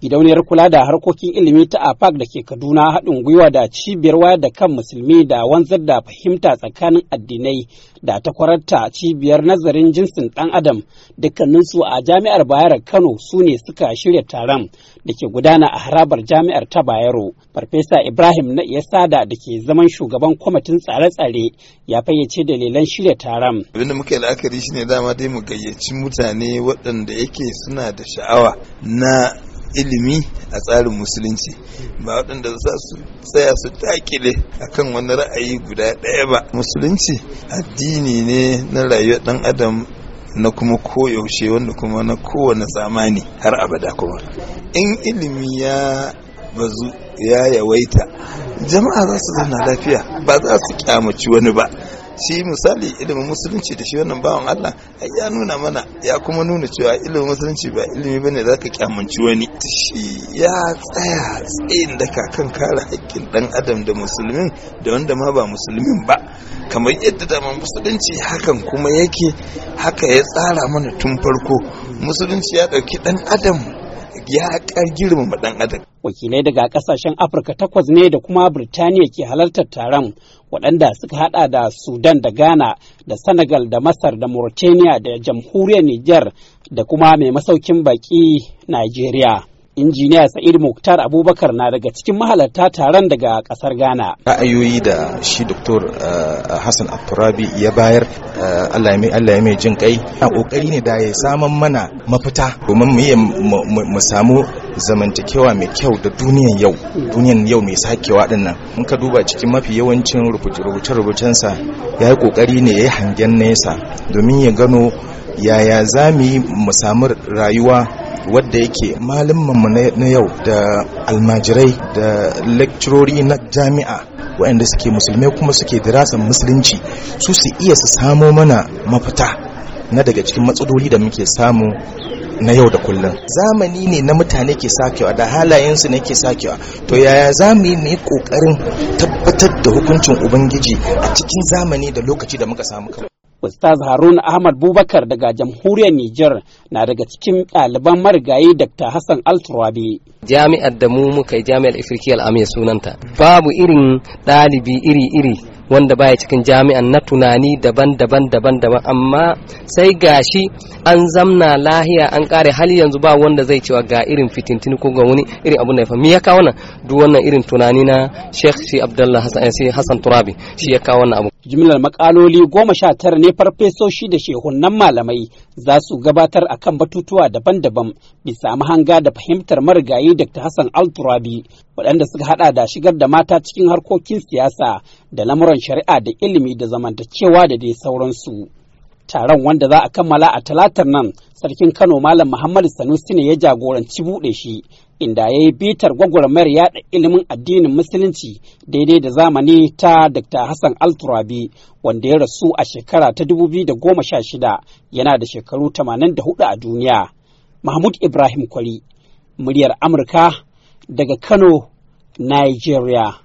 gidauniyar kula da harkokin ilimi ta afak da ke kaduna haɗin gwiwa da cibiyar wayar da kan musulmi da wanzar da fahimta tsakanin addinai da ta kwararta cibiyar nazarin jinsin ɗan adam dukkaninsu a jami'ar bayero kano su ne suka shirya taron da ke gudana a harabar jami'ar ta bayero farfesa ibrahim na iya sada da ke zaman shugaban kwamitin tsare-tsare ya fayyace dalilan shirya taron abin da muka yi la'akari shine dama dai mu gayyaci mutane waɗanda yake suna da sha'awa na ilimi a tsarin musulunci ba waɗanda za su tsaya su takile akan wani ra'ayi guda ɗaya ba musulunci addini ne na rayuwar ɗan adam na kuma koyaushe wanda kuma na kowane zamani har abada kuma in ilimi ya bazu ya yawaita jama'a za su zauna lafiya ba za su kyamaci wani ba shi misali ilimin musulunci da shi wannan bawan Allah ya nuna mana ya kuma nuna cewa ilimin musulunci ba ilimi bane zaka kyamanci wani shi ya tsaya tsayin da kan kare haƙƙin dan adam da musulmin da wanda ma ba musulmin ba kamar yadda dama musulunci hakan kuma yake haka ya tsara mana tun farko musulunci ya ɗauki dan adam ya yaƙar girmama ɗan adam. Wakilai daga ƙasashen Afirka takwas ne da kuma Birtaniya ke halartar taron waɗanda suka haɗa da Sudan da Ghana da Senegal da Masar da Mauritania da Jamhuriyar Nijar da kuma mai masaukin baƙi Najeriya. injiniya sa'id muktar abubakar na daga cikin mahalarta taron daga kasar ghana ra'ayoyi da shi doktor eh, hassan abturabi ya bayar eh, allah ya mai jin kai a kokari ne da ya saman mana mafita domin mu samu zamantakewa mai kyau da duniyan yau duniyan yau mai sakewa din nan in ka duba cikin mafi yawancin rubuce-rubucensa ya yi kokari ne ya yi hangen nesa domin ya gano yaya za mu yi mu samu rayuwa wadda yake mu na yau da almajirai da lecturori na jami'a waɗanda suke musulmai kuma suke dirasan musulunci su su iya su samo mana mafita na daga cikin matsaloli da muke samu na yau da kullum zamani ne na mutane ke sakewa da halayensu ne ke sakewa to yaya zamani ne kokarin tabbatar da hukuncin ubangiji a cikin zamani da lokaci da muka samu kawai Ustaz Haruna Ahmad Bubakar daga jamhuriyar Nijar na daga cikin ɗaliban marigayi Dr. Hassan Alturabi. Jami'ar da mu muka yi jami'ar Ifirkiyar Amiya sunanta. Babu irin ɗalibi iri-iri wanda baya cikin jami'an na tunani daban-daban daban-daban amma sai gashi an zamna lahiya an kare hali yanzu ba wanda zai cewa ga irin fitintini ko ga wani irin abun da ya fa ya kawo wannan duk wannan irin tunani na Sheikh Shi Abdullah Hassan eh, Hassan Turabi shi ya kawo wannan abu jimlar makaloli goma sha tara ne farfesoshi da shehunan malamai za su gabatar a kan batutuwa daban-daban bisa mahanga da fahimtar marigayi dr hassan alturabi waɗanda suka hada da shigar da mata cikin harkokin siyasa da lamuran shari'a da ilimi da zamantakewa da dai sauransu. Taron wanda za a kammala a talatar nan sarkin Kano Malam Muhammadu Sanusi ne ya jagoranci buɗe shi inda ya yi bitar gwagwarmayar yaɗa ilimin addinin musulunci daidai da zamani ta Dr. Hassan Alturabi wanda ya rasu a shekara ta 2016 yana da shekaru 84 a duniya. Mahmud Ibrahim Kwari, muryar Amurka daga Kano, Nigeria.